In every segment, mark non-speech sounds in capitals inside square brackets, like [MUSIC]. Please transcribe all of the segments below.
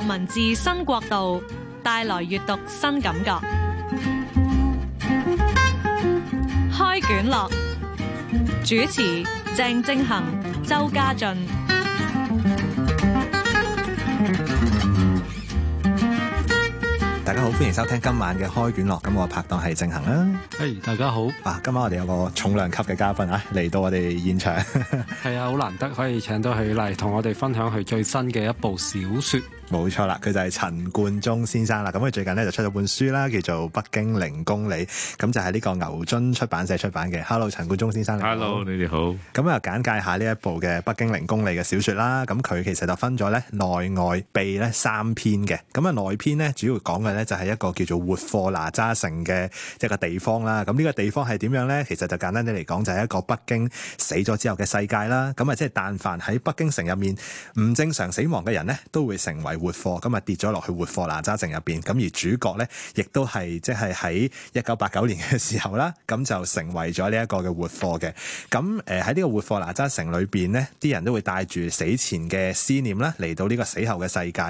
文字新國度帶來閱讀新感覺，開卷樂，主持鄭政恆、周家俊。大家好，歡迎收聽今晚嘅開卷樂。咁我拍檔係正行啦，啊。Hey, 大家好。啊，今晚我哋有個重量級嘅嘉賓啊，嚟到我哋現場。係 [LAUGHS] 啊，好難得可以請到佢嚟同我哋分享佢最新嘅一部小說。冇錯啦，佢就係陳冠中先生啦。咁佢最近咧就出咗本書啦，叫做《北京零公里》。咁就係呢個牛津出版社出版嘅。Hello，陳冠中先生。你 Hello，你哋好。咁啊，簡介下呢一部嘅《北京零公里》嘅小說啦。咁佢其實就分咗咧內外、祕咧三篇嘅。咁啊，內篇咧主要講嘅。咧就係一個叫做活貨哪吒城嘅一個地方啦。咁呢個地方係點樣咧？其實就簡單啲嚟講，就係一個北京死咗之後嘅世界啦。咁啊，即係但凡喺北京城入面唔正常死亡嘅人咧，都會成為活貨。咁啊跌咗落去活貨哪吒城入邊。咁而主角咧，亦都係即係喺一九八九年嘅時候啦。咁就成為咗呢一個嘅活貨嘅。咁誒喺呢個活貨哪吒城裏邊咧，啲人都會帶住死前嘅思念啦，嚟到呢個死後嘅世界。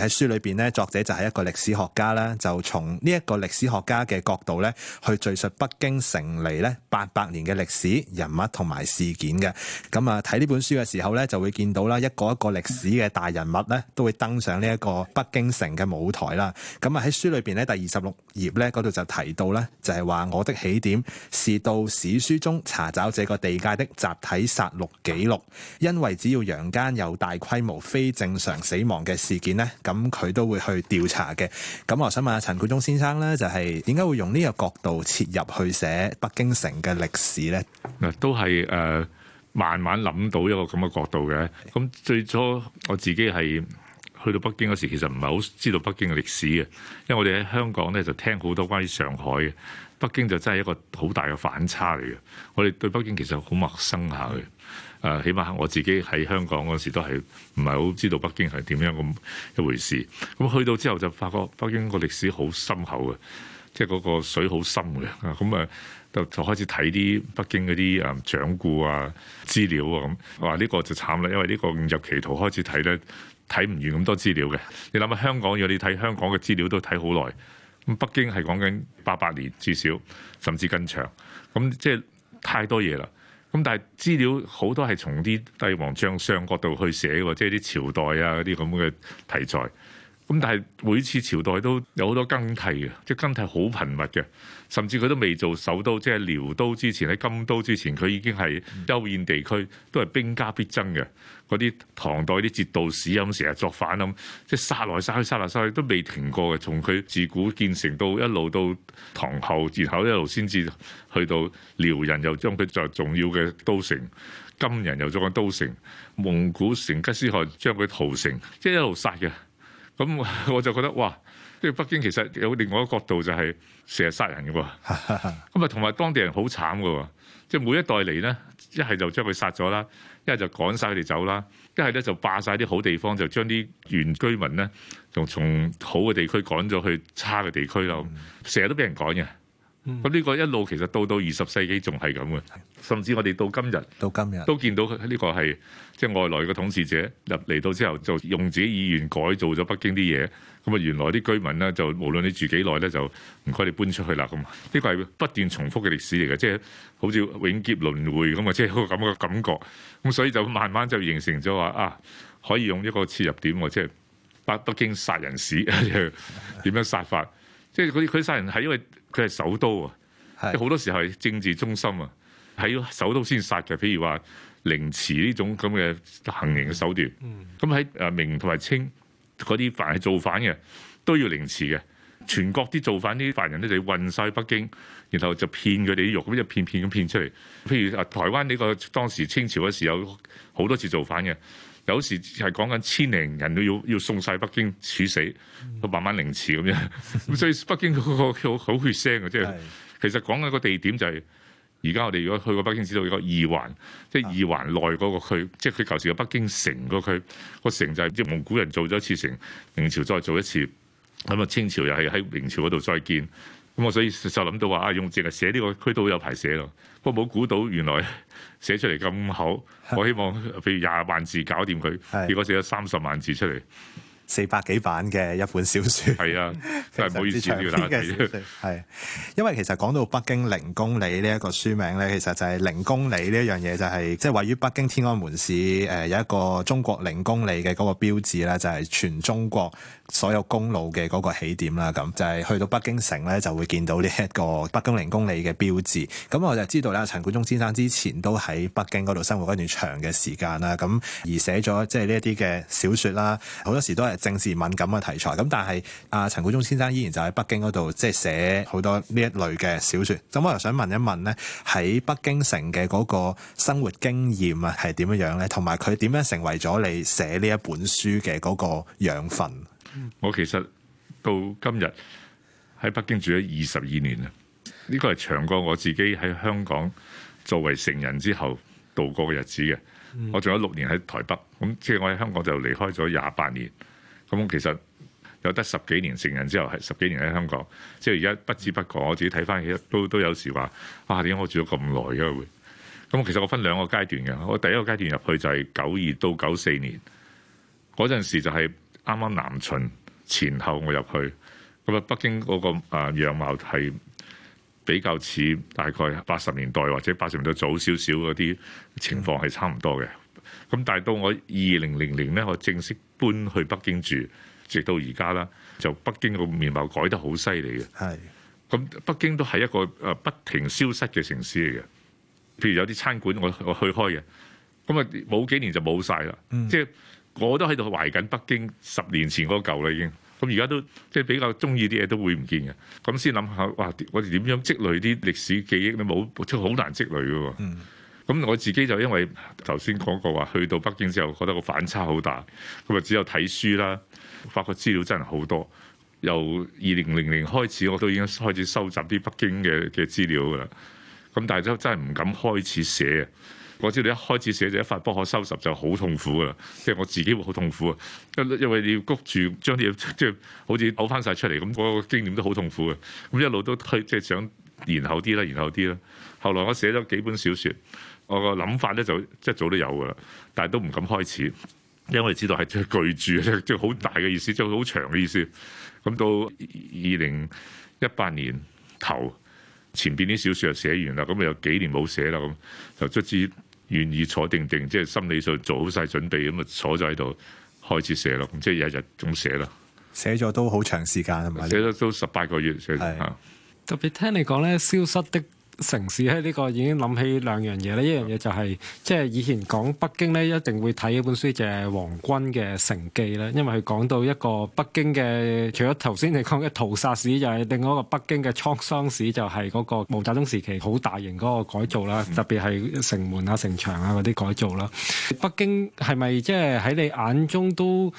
而喺書裏邊咧，作者就係一個歷史學家。就從呢一個歷史學家嘅角度咧，去敘述北京城嚟咧八百年嘅歷史人物同埋事件嘅。咁啊睇呢本書嘅時候咧，就會見到啦一個一個歷史嘅大人物咧，都會登上呢一個北京城嘅舞台啦。咁啊喺書裏邊咧第二十六頁咧嗰度就提到咧，就係話我的起點是到史書中查找這個地界的集體殺戮記錄，因為只要陽間有大規模非正常死亡嘅事件呢咁佢都會去調查嘅。咁我想問下陳冠中先生呢就係點解會用呢個角度切入去寫北京城嘅歷史呢？嗱，都係誒，慢慢諗到一個咁嘅角度嘅。咁最初我自己係去到北京嗰時，其實唔係好知道北京嘅歷史嘅，因為我哋喺香港呢就聽好多關於上海嘅，北京就真係一個好大嘅反差嚟嘅。我哋對北京其實好陌生下嘅。嗯誒，起碼我自己喺香港嗰時都係唔係好知道北京係點樣咁一回事。咁去到之後就發覺北京個歷史好深厚嘅，即係嗰個水好深嘅。咁誒就就開始睇啲北京嗰啲誒掌故啊資料啊咁。話呢個就慘啦，因為呢個誤入歧途開始睇咧，睇唔完咁多資料嘅。你諗下香港，如果你睇香港嘅資料都睇好耐，咁北京係講緊八百年至少，甚至更長。咁即係太多嘢啦。咁但係資料好多係從啲帝王將相角度去寫喎，即係啲朝代啊嗰啲咁嘅題材。咁但係每次朝代都有好多更替嘅，即係更替好頻密嘅。甚至佢都未做首都，即係遼都之前，喺金都之前，佢已經係幽燕地區都係兵家必爭嘅。嗰啲唐代啲節度使咁成日作反咁，即係殺來殺去、殺來殺去都未停過嘅。從佢自古建成到一路到唐後，然後一路先至去到遼人又將佢作重要嘅都城，金人又作個都城，蒙古成吉思汗將佢屠城，即係一路殺嘅。咁我就覺得哇，即北京其實有另外一個角度就常常，就係成日殺人嘅喎。咁啊，同埋當地人好慘嘅喎，即係每一代嚟呢，一係就將佢殺咗啦，一係就趕晒佢哋走啦，一係呢就霸晒啲好地方，就將啲原居民呢就從好嘅地區趕咗去差嘅地區咯，成日都俾人趕嘅。咁呢、嗯、個一路其實到到二十世紀仲係咁嘅，是甚至我哋到今日到今日都見到佢呢個係即係外來嘅統治者入嚟到之後就用自己意願改造咗北京啲嘢，咁啊原來啲居民咧，就無論你住幾耐咧，就唔該你搬出去啦，咁呢個係不斷重複嘅歷史嚟嘅，即、就、係、是、好似永劫輪迴咁啊，即係個咁嘅感覺，咁所以就慢慢就形成咗話啊可以用一個切入點，即係北北京殺人史點樣殺法，即係佢佢殺人係因為。佢係首都啊，好的多時候係政治中心啊，喺首都先殺嘅。譬如話凌遲呢種咁嘅行刑嘅手段，咁喺誒明同埋清嗰啲凡係造反嘅都要凌遲嘅。全國啲造反啲犯人咧，就要運晒北京，然後就騙佢哋啲肉，咁就片片咁騙出嚟。譬如誒台灣呢個，當時清朝嘅時候好多次造反嘅。有時係講緊千零人都要要送晒北京，處死，佢慢慢凌遲咁樣，咁 [LAUGHS] [LAUGHS] 所以北京嗰個好好血腥嘅，即係其實講緊個地點就係而家我哋如果去過北京，知道個二環，即係二環內嗰個區，即係佢舊時嘅北京城個區，個城就係即蒙古人做咗一次城，明朝再做一次，咁啊清朝又係喺明朝嗰度再建，咁我所以就諗到話啊用淨係寫呢個區都有排寫咯。不過冇估到原來寫出嚟咁好，我希望譬如廿萬字搞掂佢，結果寫咗三十萬字出嚟。四百幾版嘅一本小説，係啊，真係唔好意思呢個垃圾。係， [LAUGHS] 因為其實講到北京零公里呢一個書名咧，其實就係零公里呢一樣嘢，就係即係位於北京天安門市誒、呃、有一個中國零公里嘅嗰個標誌啦，就係、是、全中國所有公路嘅嗰個起點啦。咁就係去到北京城咧，就會見到呢一個北京零公里嘅標誌。咁我就知道咧，陳冠中先生之前都喺北京嗰度生活一段長嘅時間啦，咁而寫咗即係呢一啲嘅小説啦，好多時都係。政治敏感嘅題材，咁但係阿陳冠中先生依然就喺北京嗰度，即係寫好多呢一類嘅小説。咁、嗯、我又想問一問呢，喺北京城嘅嗰個生活經驗啊，係點樣樣咧？同埋佢點樣成為咗你寫呢一本書嘅嗰個養分？嗯、我其實到今日喺北京住咗二十二年啦，呢個係長過我自己喺香港作為成人之後度過嘅日子嘅。嗯、我仲有六年喺台北，咁即係我喺香港就離開咗廿八年。咁其實有得十幾年成人之後係十幾年喺香港，即係而家不知不覺，我自己睇翻起都都有時話，啊，點解我住咗咁耐嘅會。咁其實我分兩個階段嘅，我第一個階段入去就係九二到九四年嗰陣時，就係啱啱南巡前後我入去，咁啊北京嗰個啊樣貌係比較似大概八十年代或者八十年代早少少嗰啲情況係差唔多嘅。咁但係到我二零零零咧，我正式。搬去北京住，直到而家啦，就北京個面貌改得好犀利嘅。係是，咁北京都係一個誒不停消失嘅城市嚟嘅。譬如有啲餐館我我去開嘅，咁啊冇幾年就冇晒啦。嗯、即係我都喺度懷緊北京十年前嗰嚿啦，已經。咁而家都即係比較中意啲嘢都會唔見嘅。咁先諗下，哇！我哋點樣積累啲歷史記憶咧？冇即係好難積累噶喎。嗯咁我自己就因為頭先講過話，去到北京之後覺得個反差好大，咁啊只有睇書啦，發覺資料真係好多。由二零零零開始，我都已經開始收集啲北京嘅嘅資料㗎啦。咁但係都真係唔敢開始寫啊！我知道你一開始寫就一發不可收拾就，就好痛苦噶啦。即係我自己會好痛苦啊，因因為你要谷住將啲嘢即係好似嘔翻晒出嚟咁，嗰個經驗都好痛苦嘅。咁一路都推即係想延後啲啦，延後啲啦。後來我寫咗幾本小説。我個諗法咧就即係早都有㗎，但係都唔敢開始，因為知道係即係巨著，即係好大嘅意思，即係好長嘅意思。咁到二零一八年頭，前邊啲小説就寫完啦，咁又幾年冇寫啦，咁就卒之願意坐定定，即係心理上做好晒準備，咁啊坐咗喺度開始寫咯，即係日日咁寫啦。寫咗都好長時間，寫咗都十八個月，寫咗是是特別聽你講咧，消失的。城市咧呢個已經諗起兩樣嘢咧，一樣嘢就係即係以前講北京咧，一定會睇一本書就係王軍嘅《城記》咧，因為佢講到一個北京嘅，除咗頭先你講嘅屠殺史，就係另外一個北京嘅滄桑史，就係、是、嗰個毛澤東時期好大型嗰個改造啦，嗯、特別係城門啊、城牆啊嗰啲改造啦。北京係咪即係喺你眼中都？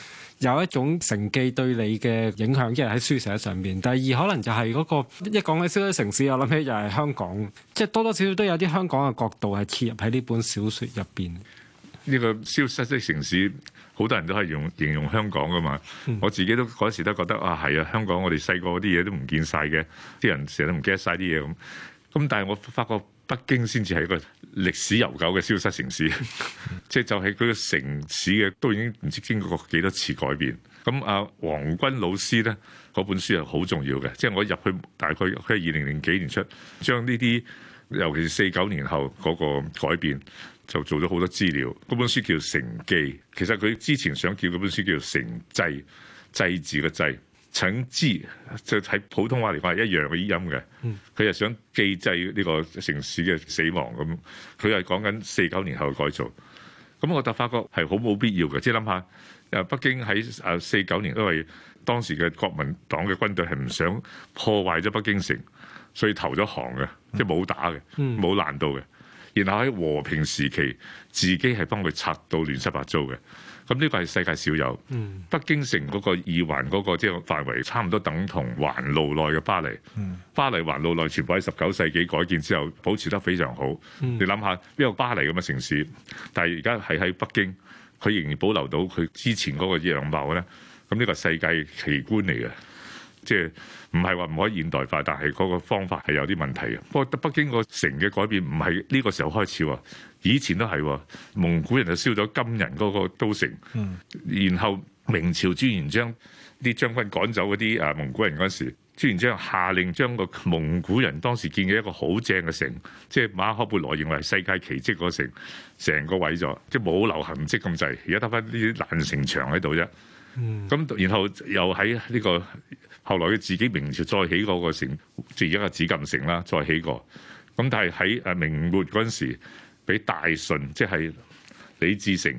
有一種成績對你嘅影響，一係喺書寫上面，第二可能就係嗰個一講起消失城市，我諗起又係香港，即係多多少少都有啲香港嘅角度係切入喺呢本小説入邊。呢個消失的城市，好多人都係用形容香港噶嘛。我自己都嗰時都覺得啊，係啊，香港我哋細個啲嘢都唔見晒嘅，啲人成日都唔記得晒啲嘢咁。咁但係我發覺。北京先至係一個歷史悠久嘅消失城市，即 [LAUGHS] 係就係佢個城市嘅都已經唔知經過幾多次改變。咁阿黃軍老師呢，嗰本書係好重要嘅，即、就、係、是、我入去大概佢係二零零幾年出，將呢啲尤其是四九年後嗰個改變就做咗好多資料。嗰本書叫《城記》，其實佢之前想叫嗰本書叫成祭《城祭》，祭字嘅祭。請知，就喺普通話嚟講係一樣嘅語音嘅。佢係想記載呢個城市嘅死亡咁。佢係講緊四九年後嘅改造。咁我就發覺係好冇必要嘅。即係諗下，誒北京喺誒四九年，因為當時嘅國民黨嘅軍隊係唔想破壞咗北京城，所以投咗降嘅，即係冇打嘅，冇難度嘅。然後喺和平時期，自己係幫佢拆到亂七八糟嘅。咁呢個係世界少有，嗯、北京城嗰個二環嗰個即係範圍，差唔多等同環路內嘅巴黎。嗯、巴黎環路內全部喺十九世紀改建之後，保持得非常好。嗯、你諗下，呢個巴黎咁嘅城市，但係而家係喺北京，佢仍然保留到佢之前嗰個樣貌咧。咁呢個世界奇觀嚟嘅，即係唔係話唔可以現代化，但係嗰個方法係有啲問題嘅。不過北京個城嘅改變唔係呢個時候開始喎。以前都係蒙古人就燒咗金人嗰個都城，嗯、然後明朝朱元璋啲將軍趕走嗰啲啊蒙古人嗰陣時，朱元璋下令將個蒙古人當時建嘅一個好正嘅城，即係馬可波羅認為世界奇蹟個城，成個毀咗，即係冇流行跡咁滯。而家得翻呢啲爛城牆喺度啫。咁、嗯、然後又喺呢、這個後來嘅自己明朝再起嗰個城，自己一個紫禁城啦，再起過。咁但係喺啊明末嗰陣時。比大順即係李自成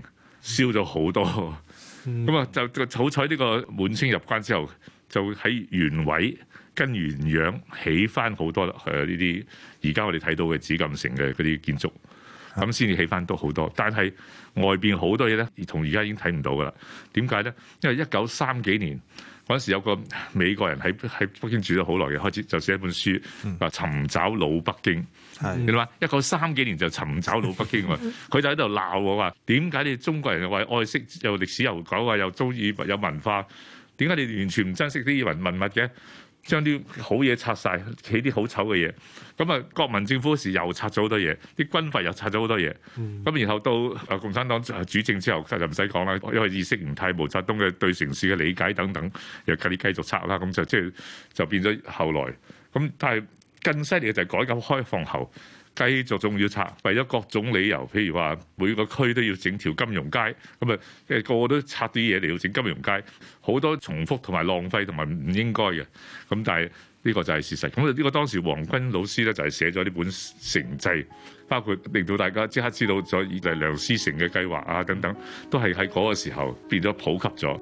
燒咗好多，咁啊、嗯、就好彩呢個滿清入關之後，就喺原位跟原樣起翻好多誒呢啲而家我哋睇到嘅紫禁城嘅嗰啲建築，咁先至起翻都好多。但係外邊好多嘢咧，同而家已經睇唔到噶啦。點解咧？因為一九三幾年。嗰陣時有個美國人喺喺北京住咗好耐嘅，開始就寫一本書，話尋找老北京。是你話一九三幾年就尋找老北京喎，佢 [LAUGHS] 就喺度鬧我話：點解你中國人又愛惜又歷史悠久啊，又中意有文化，點解你完全唔珍惜啲文文物嘅？將啲好嘢拆晒，起啲好醜嘅嘢。咁啊，國民政府時又拆咗好多嘢，啲軍閥又拆咗好多嘢。咁、嗯、然後到共產黨主政之後就唔使講啦，因為意識唔太毛澤東嘅對城市嘅理解等等，又繼繼續拆啦，咁就即係就變咗後來。咁但係更犀利嘅就係改革開放後。繼續仲要拆，為咗各種理由，譬如話每個區都要整條金融街，咁啊，即係個個都拆啲嘢嚟要整金融街，好多重複同埋浪費同埋唔應該嘅。咁但係呢個就係事實。咁呢個當時王軍老師咧就係寫咗呢本《城記》，包括令到大家即刻知道咗以嚟梁思成嘅計劃啊等等，都係喺嗰個時候變咗普及咗。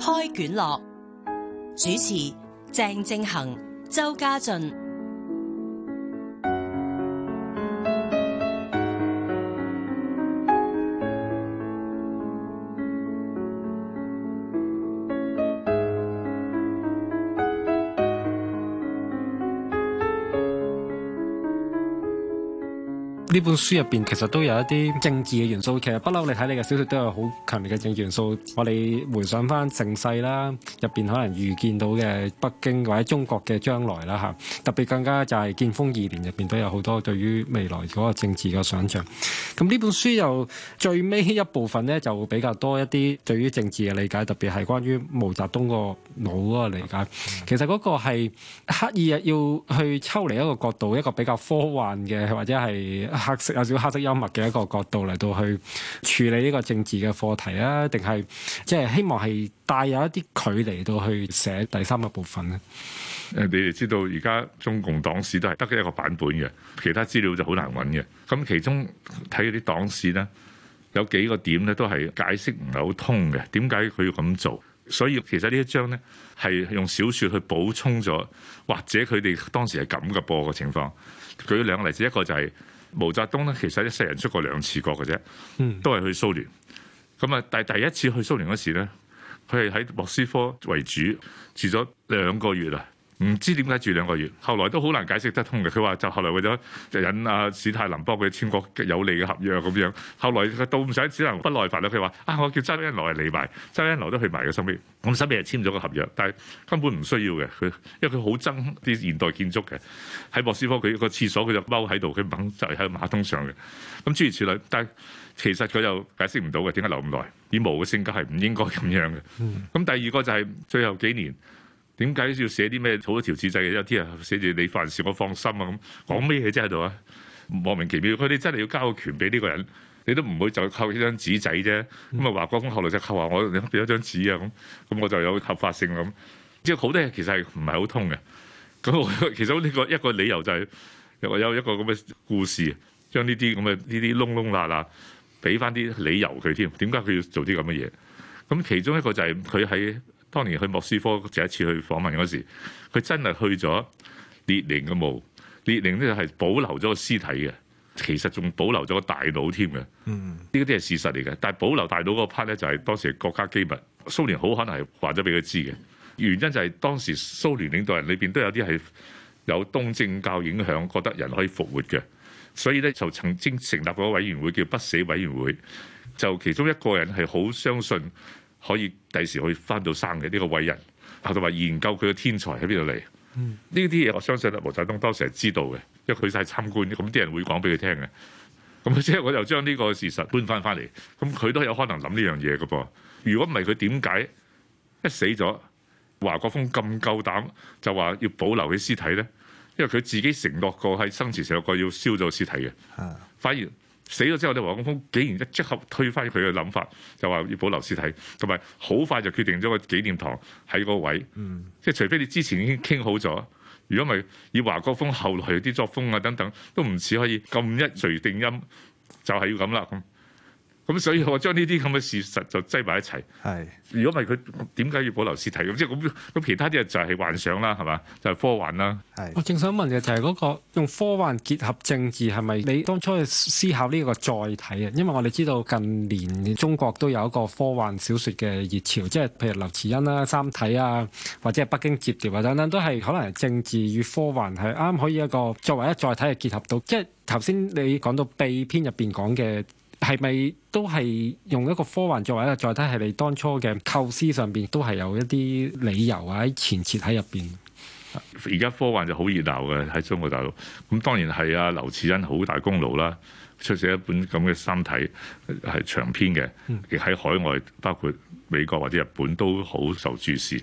開卷樂，主持鄭正恒。周家俊。呢本書入邊其實都有一啲政治嘅元素，其實不嬲你睇你嘅小説都有好強烈嘅政治元素。我哋回想翻盛世啦，入邊可能預見到嘅北京或者中國嘅將來啦嚇，特別更加就係《建豐二年》入邊都有好多對於未來嗰個政治嘅想象。咁呢本書又最尾一部分呢，就比較多一啲對於政治嘅理解，特別係關於毛澤東個腦嗰理解，其實嗰個係刻意要去抽離一個角度，一個比較科幻嘅或者係黑色有少少黑色幽默嘅一個角度嚟到去處理呢個政治嘅課題啊，定係即係希望係帶有一啲距離到去寫第三個部分咧？誒，你哋知道而家中共黨史都係得一個版本嘅，其他資料就好難揾嘅。咁其中睇嗰啲黨史呢，有幾個點呢，都係解釋唔係好通嘅，點解佢要咁做？所以其實呢一章咧係用小説去補充咗，或者佢哋當時係咁嘅噃個情況。舉兩個例子，一個就係毛澤東咧，其實一世人出過兩次國嘅啫，都係去蘇聯。咁啊，第第一次去蘇聯嗰時咧，佢係喺莫斯科為主，住咗兩個月啦。唔知點解住兩個月，後來都好難解釋得通嘅。佢話就後來為咗引阿、啊、史太林幫佢簽個有利嘅合約咁樣。後來佢到唔使，只能不耐煩啦。佢話：啊，我叫周恩來嚟埋，周恩來都去埋嘅身邊。咁身邊人簽咗個合約，但係根本唔需要嘅。佢因為佢好憎啲現代建築嘅喺莫斯科，佢個廁所佢就踎喺度，佢唔肯就係喺馬桶上嘅。咁諸如此類。但係其實佢又解釋唔到嘅，點解留咁耐？以毛嘅性格係唔應該咁樣嘅。咁第二個就係最後幾年。點解要寫啲咩好多條紙仔嘅？有啲人寫住你辦事，我放心啊！咁講咩嘢真喺度啊？莫名其妙，佢哋真係要交個權俾呢個人，你都唔會就靠一張紙仔啫。咁啊，華國鋒後來就靠話：我有咗張紙啊！咁咁我就有合法性啦。咁即係好多嘢其實係唔係好通嘅。咁其實呢個一個理由就係、是、又有一個咁嘅故事，將呢啲咁嘅呢啲窿窿罅罅俾翻啲理由佢添。點解佢要做啲咁嘅嘢？咁其中一個就係佢喺。當年去莫斯科第一次去訪問嗰時，佢真係去咗列寧嘅墓。列寧咧係保留咗個屍體嘅，其實仲保留咗個大腦添嘅。呢啲係事實嚟嘅，但係保留大腦嗰 part 咧就係當時國家機密。蘇聯好可能係話咗俾佢知嘅，原因就係當時蘇聯領導人裏邊都有啲係有東正教影響，覺得人可以復活嘅，所以咧就曾經成立一個委員會叫不死委員會。就其中一個人係好相信。可以第時可以翻到生嘅呢個偉人，後就話研究佢嘅天才喺邊度嚟？呢啲嘢我相信咧，毛澤東當時係知道嘅，因為佢係參觀，咁啲人會講俾佢聽嘅。咁即係我又將呢個事實搬翻翻嚟，咁佢都有可能諗呢樣嘢㗎噃。如果唔係佢點解一死咗，華國鋒咁夠膽就話要保留佢屍體咧？因為佢自己承諾過喺生前承諾過要燒咗屍體嘅，反而。死咗之後，你華國鋒竟然一即刻推翻佢嘅諗法，就話要保留屍體，同埋好快就決定咗個紀念堂喺嗰位。嗯、即係除非你之前已經傾好咗，如果唔係以華國鋒後來啲作風啊等等，都唔似可以咁一錘定音，就係、是、要咁啦。嗯咁所以我將呢啲咁嘅事實就擠埋一齊。係是。如果唔係佢點解要保留屍體？咁即係咁，咁其他啲嘢就係幻想啦，係嘛？就係、是、科幻啦。係是。我正想問嘅就係、是、嗰個用科幻結合政治係咪你當初去思考呢個載體啊？因為我哋知道近年中國都有一個科幻小説嘅熱潮，即係譬如劉慈欣啦、三體啊，或者係北京折疊啊等等，都係可能係政治與科幻係啱可以一個作為一載體去結合到。即係頭先你講到《秘》篇入邊講嘅。係咪都係用一個科幻作為一個載體？係你當初嘅構思上邊都係有一啲理由啊，喺前設喺入邊。而家科幻就好熱鬧嘅喺中國大陸，咁當然係啊，劉慈欣好大功勞啦，出咗一本咁嘅三體係長篇嘅，亦喺、嗯、海外包括美國或者日本都好受注視。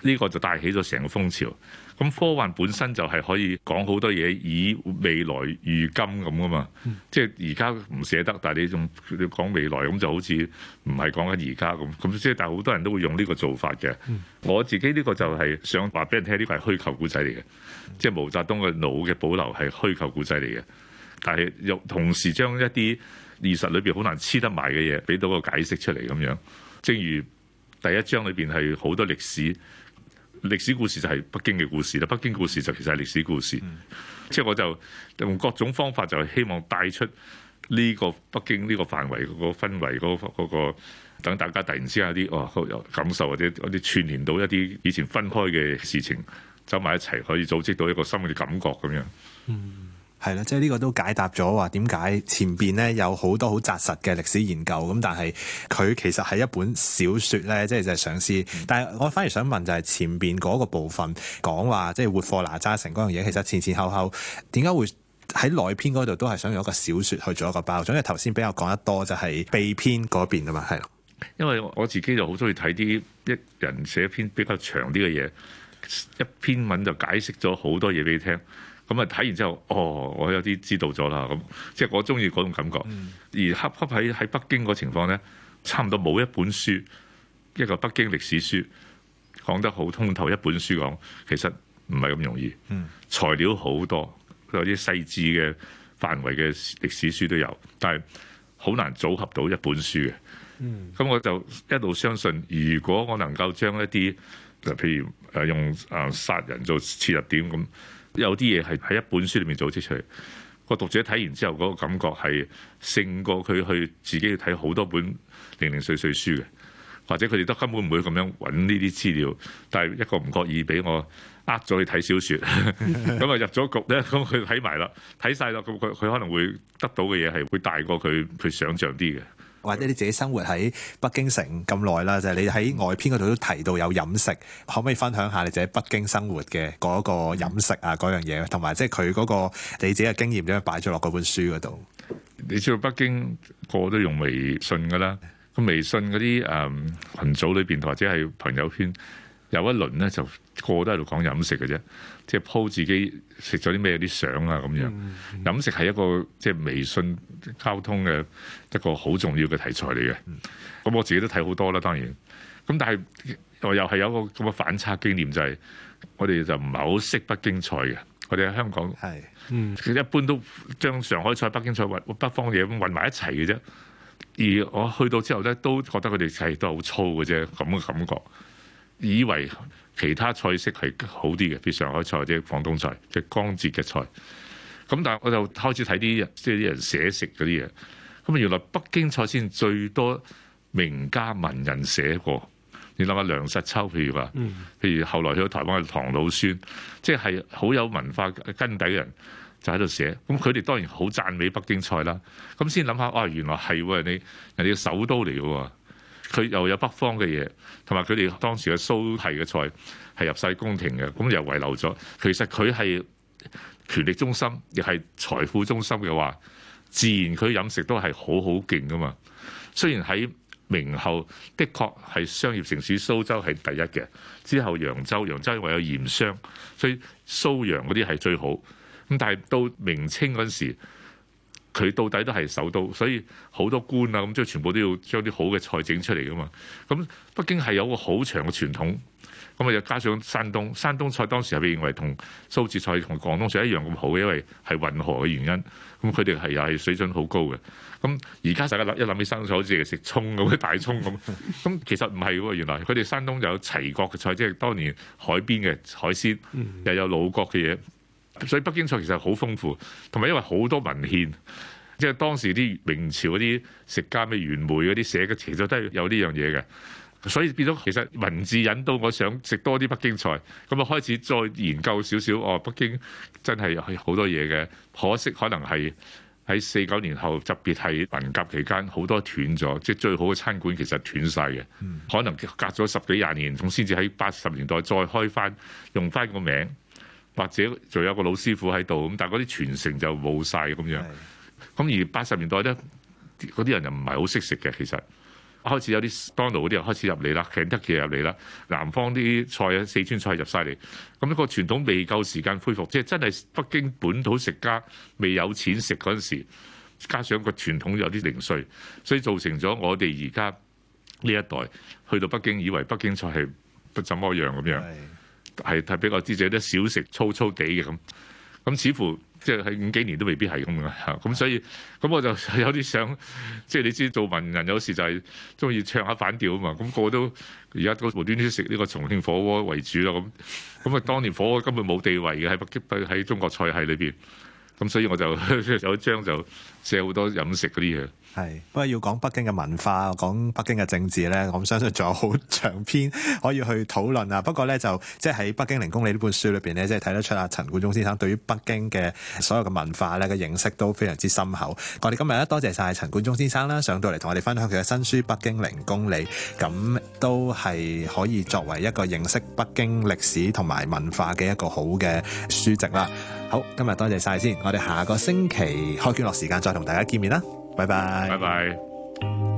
呢、這個就帶起咗成個風潮。咁科幻本身就係可以講好多嘢，以未來預今咁噶嘛。嗯、即係而家唔捨得，但係你仲講未來，咁就好似唔係講緊而家咁。咁即係，但係好多人都會用呢個做法嘅。嗯、我自己呢個就係想話俾人聽，呢、呢個係虛構故仔嚟嘅。嗯、即係毛澤東嘅腦嘅保留係虛構故仔嚟嘅。但係又同時將一啲現實裏邊好難黐得埋嘅嘢，俾到個解釋出嚟咁樣。正如第一章裏邊係好多歷史。歷史故事就係北京嘅故事啦，北京故事就其實係歷史故事。嗯、即係我就用各種方法，就係希望帶出呢個北京呢個範圍嗰個氛圍嗰、嗰個，等、嗰個嗰個、大家突然之間有啲哦有感受，或者啲串聯到一啲以前分開嘅事情，走埋一齊可以組織到一個新嘅感覺咁樣。嗯係啦，即係呢個都解答咗話點解前邊呢有好多好紮實嘅歷史研究，咁但係佢其實係一本小説呢，即係就係嘗試。但係我反而想問就係前邊嗰個部分講話，即係活佛哪吒成嗰樣嘢，其實前前後後點解會喺內篇嗰度都係想用一個小説去做一個包裝？因為頭先比較講得多就係秘篇嗰邊啊嘛，係。因為我自己就好中意睇啲一人寫篇比較長啲嘅嘢，一篇文就解釋咗好多嘢俾你聽。咁啊！睇完之後，哦，我有啲知道咗啦。咁即係我中意嗰種感覺。而恰恰喺喺北京個情況呢，差唔多冇一本書，一個北京歷史書講得好通透。一本書講其實唔係咁容易，材料好多，有啲細緻嘅範圍嘅歷史書都有，但係好難組合到一本書嘅。咁我就一路相信，如果我能夠將一啲譬如用誒殺人做切入點咁。有啲嘢係喺一本書裏面組織出嚟，個讀者睇完之後嗰個感覺係勝過佢去自己去睇好多本零零碎碎書嘅，或者佢哋都根本唔會咁樣揾呢啲資料，但係一個唔覺意俾我呃咗去睇小説，咁 [LAUGHS] 啊入咗局咧，咁佢睇埋啦，睇晒啦，咁佢佢可能會得到嘅嘢係會大過佢佢想象啲嘅。或者你自己生活喺北京城咁耐啦，就係、是、你喺外篇嗰度都提到有飲食，可唔可以分享下你自己北京生活嘅嗰個飲食啊嗰樣嘢，同埋即係佢嗰個你自己嘅經驗，咁樣擺咗落嗰本書嗰度。你知道北京個個都用微信噶啦，咁微信嗰啲誒羣組裏邊，或者係朋友圈。有一輪咧，就個個都喺度講飲食嘅啫，即係 po 自己食咗啲咩啲相啊咁樣。嗯嗯、飲食係一個即係微信交通嘅一個好重要嘅題材嚟嘅。咁我自己都睇好多啦，當然。咁但係我又係有個咁嘅反差經驗，就係、是、我哋就唔係好識北京菜嘅。我哋喺香港，嗯，一般都將上海菜、北京菜混北方嘢咁混埋一齊嘅啫。而我去到之後咧，都覺得佢哋係都好粗嘅啫，咁嘅感覺。以為其他菜式係好啲嘅，譬如上海菜或者廣東菜，即係江浙嘅菜。咁但係我就開始睇啲即係啲人寫食嗰啲嘢。咁啊，原來北京菜先最多名家文人寫過。你諗下梁實秋，譬如話，譬如後來去到台灣嘅唐老孫，即係係好有文化根底嘅人，就喺度寫。咁佢哋當然好讚美北京菜啦。咁先諗下，哇！原來係喎，你人哋嘅首都嚟嘅喎。佢又有北方嘅嘢，同埋佢哋當時嘅蘇系嘅菜係入晒宮廷嘅，咁又遺留咗。其實佢係權力中心，亦係財富中心嘅話，自然佢飲食都係好好勁㗎嘛。雖然喺明後，的確係商業城市蘇州係第一嘅，之後揚州，揚州因為有鹽商，所以蘇揚嗰啲係最好。咁但係到明清嗰陣時。佢到底都係首都，所以好多官啊咁，即係全部都要將啲好嘅菜整出嚟噶嘛。咁北京係有個好長嘅傳統，咁啊又加上山東，山東菜當時係被認為同蘇浙菜同廣東菜一樣咁好嘅，因為係運河嘅原因。咁佢哋係又係水準好高嘅。咁而家成日一諗起山東菜，好似食葱咁，大葱咁。咁 [LAUGHS] 其實唔係喎，原來佢哋山東有齊國嘅菜，即係當年海邊嘅海鮮，又有魯國嘅嘢。所以北京菜其實好豐富，同埋因為好多文獻，即係當時啲明朝嗰啲食家、咩袁枚嗰啲寫嘅，其實都係有呢樣嘢嘅。所以變咗，其實文字引導我想食多啲北京菜，咁啊開始再研究少少。哦，北京真係好多嘢嘅，可惜可能係喺四九年後，特別係文革期間，好多斷咗，即係最好嘅餐館其實斷晒嘅。可能隔咗十幾廿年，咁先至喺八十年代再開翻，用翻個名。或者仲有個老師傅喺度咁，但係嗰啲傳承就冇晒。咁樣。咁而八十年代咧，嗰啲人就唔係好識食嘅。其實開始有啲麥當勞嗰啲又開始入嚟啦，肯德基入嚟啦，南方啲菜啊、四川菜入晒嚟。咁一個傳統未夠時間恢復，即係真係北京本土食家未有錢食嗰陣時，加上個傳統有啲零碎，所以造成咗我哋而家呢一代去到北京，以為北京菜係不怎麼樣咁樣。係係比較知者咧，少食粗粗地嘅咁，咁似乎即係五幾年都未必係咁嘅嚇，咁所以咁我就有啲想，即係你知做文人有時就係中意唱下反調啊嘛，咁、那個個都而家都無端端食呢個重慶火鍋為主啦，咁咁啊當年火鍋根本冇地位嘅喺北京喺中國菜系裏邊，咁所以我就有一章就寫好多飲食嗰啲嘢。係，不過要講北京嘅文化，講北京嘅政治呢，我相信仲有好長篇可以去討論啊。不過呢，就即係喺《北京零公里》呢本書裏邊呢，即係睇得出啊，陳冠中先生對於北京嘅所有嘅文化呢嘅認識都非常之深厚。我哋今日咧多謝晒陳冠中先生啦，上到嚟同我哋分享佢嘅新書《北京零公里》，咁都係可以作為一個認識北京歷史同埋文化嘅一個好嘅書籍啦。好，今日多謝晒先，我哋下個星期開卷樂時間再同大家見面啦。拜拜。拜拜。